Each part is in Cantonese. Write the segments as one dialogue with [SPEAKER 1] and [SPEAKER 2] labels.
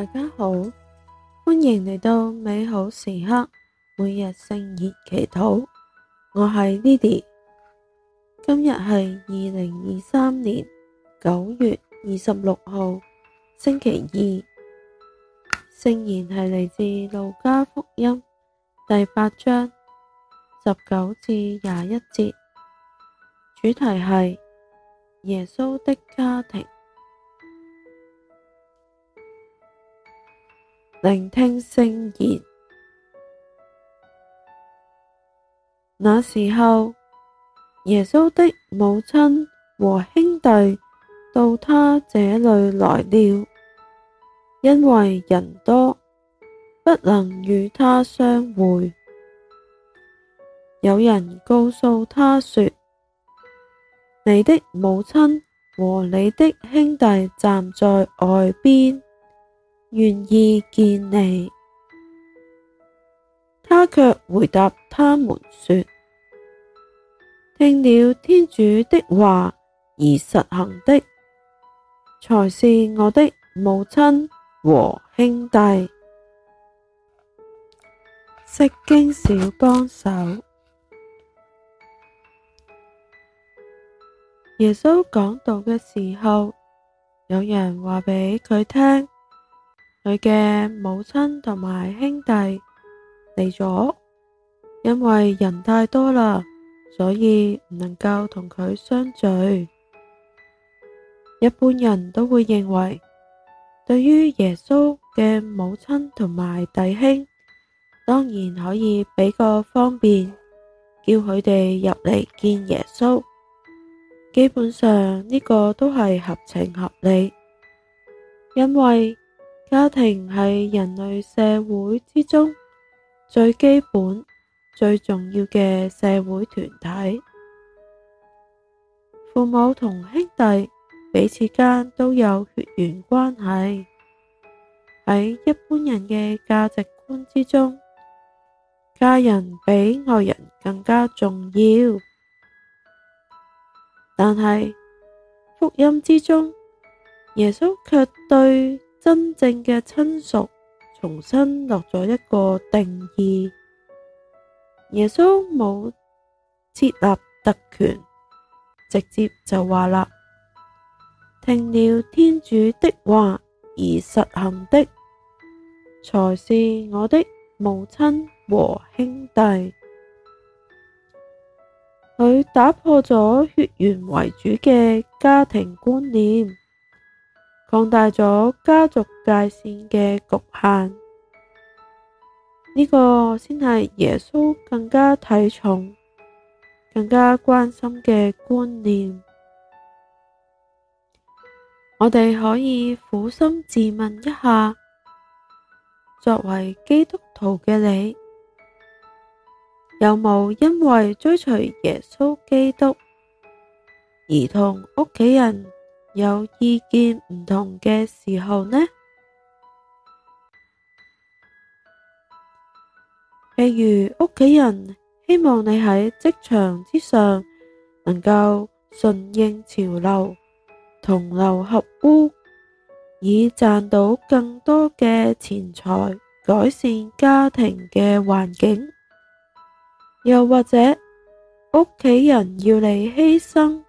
[SPEAKER 1] 大家好，歡迎嚟到美好時刻，每日聖言祈禱，我係 Lily，今日係二零二三年九月二十六號星期二，聖言係嚟自路加福音第八章十九至廿一節，主題係耶穌的家庭。聆聽聖言。那時候，耶穌的母親和兄弟到他這裏來了，因為人多，不能與他相會。有人告訴他說：「你的母親和你的兄弟站在外邊。」願意見你，他卻回答他們說：聽了天主的話而實行的，才是我的母親和兄弟。釋經小幫手，耶穌講道嘅時候，有，有人話畀佢聽。佢嘅母親同埋兄弟嚟咗，因為人太多啦，所以唔能夠同佢相聚。一般人都會認為，對於耶穌嘅母親同埋弟兄，當然可以畀個方便，叫佢哋入嚟見耶穌。基本上呢個都係合情合理，因為。家庭係人類社會之中最基本、最重要嘅社會團體。父母同兄弟彼此間都有血緣關係。喺一般人嘅價值觀之中，家人比外人更加重要。但係福音之中，耶穌卻對。真正嘅親屬重新落咗一個定義，耶穌冇設立特權，直接就話啦：聽了天主的話而實行的，才是我的母親和兄弟。佢打破咗血緣為主嘅家庭觀念。擴大咗家族界線嘅局限，呢個先係耶穌更加睇重、更加關心嘅觀念。我哋可以捫心自問一下：作為基督徒嘅你，有冇因為追隨耶穌基督而同屋企人，有意見唔同嘅時候呢？例如屋企人希望你喺職場之上能夠順應潮流，同流合污，以賺到更多嘅錢財，改善家庭嘅環境；又或者屋企人要你犧牲。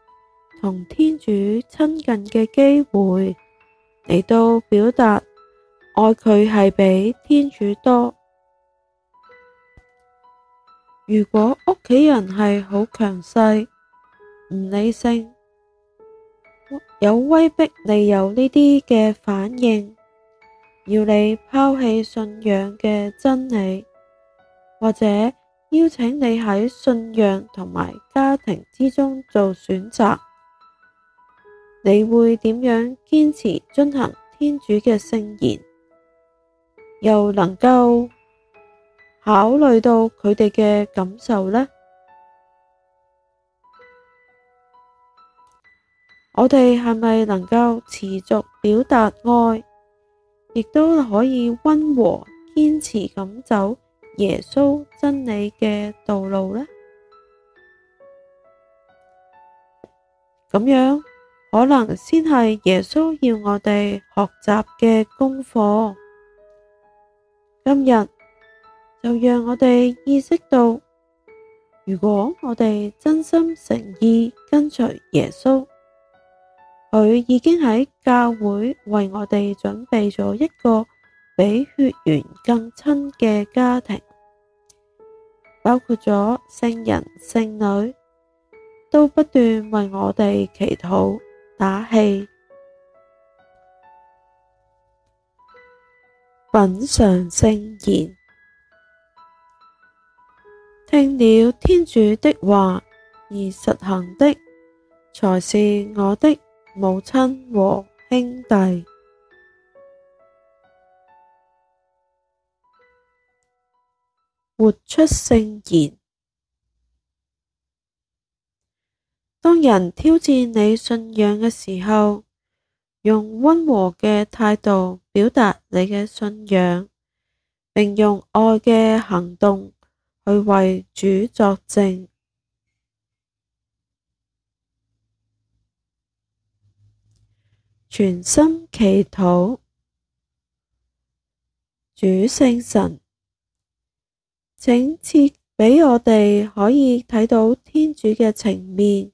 [SPEAKER 1] 同天主親近嘅機會，嚟到表達愛佢係比天主多。如果屋企人係好強勢、唔理性、有威逼，你有呢啲嘅反應，要你拋棄信仰嘅真理，或者邀請你喺信仰同埋家庭之中做選擇。你會點樣堅持遵行天主嘅聖言，又能夠考慮到佢哋嘅感受呢？我哋係咪能夠持續表達愛，亦都可以溫和堅持咁走耶穌真理嘅道路呢？咁樣，可能先係耶穌要我哋學習嘅功課。今日就讓我哋意識到，如果我哋真心誠意跟隨耶穌，佢已經喺教會為我哋準備咗一個比血緣更親嘅家庭，包括咗聖人、聖女，都不斷為我哋祈禱。打氣。品嚐聖言，聽了天主的話而實行的，才是我的母親和兄弟。活出聖言。當人挑戰你信仰嘅時候，用溫和嘅態度表達你嘅信仰，並用愛嘅行動去為主作證。全心祈禱，主聖神，請賜俾我哋可以睇到天主嘅情面，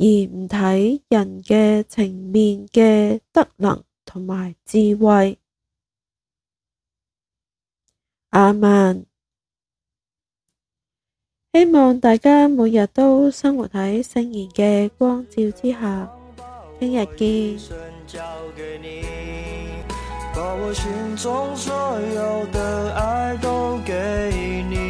[SPEAKER 1] 而唔睇人嘅情面嘅德能同埋智慧，阿們，希望大家每日都生活喺聖言嘅光照之下。聽日見。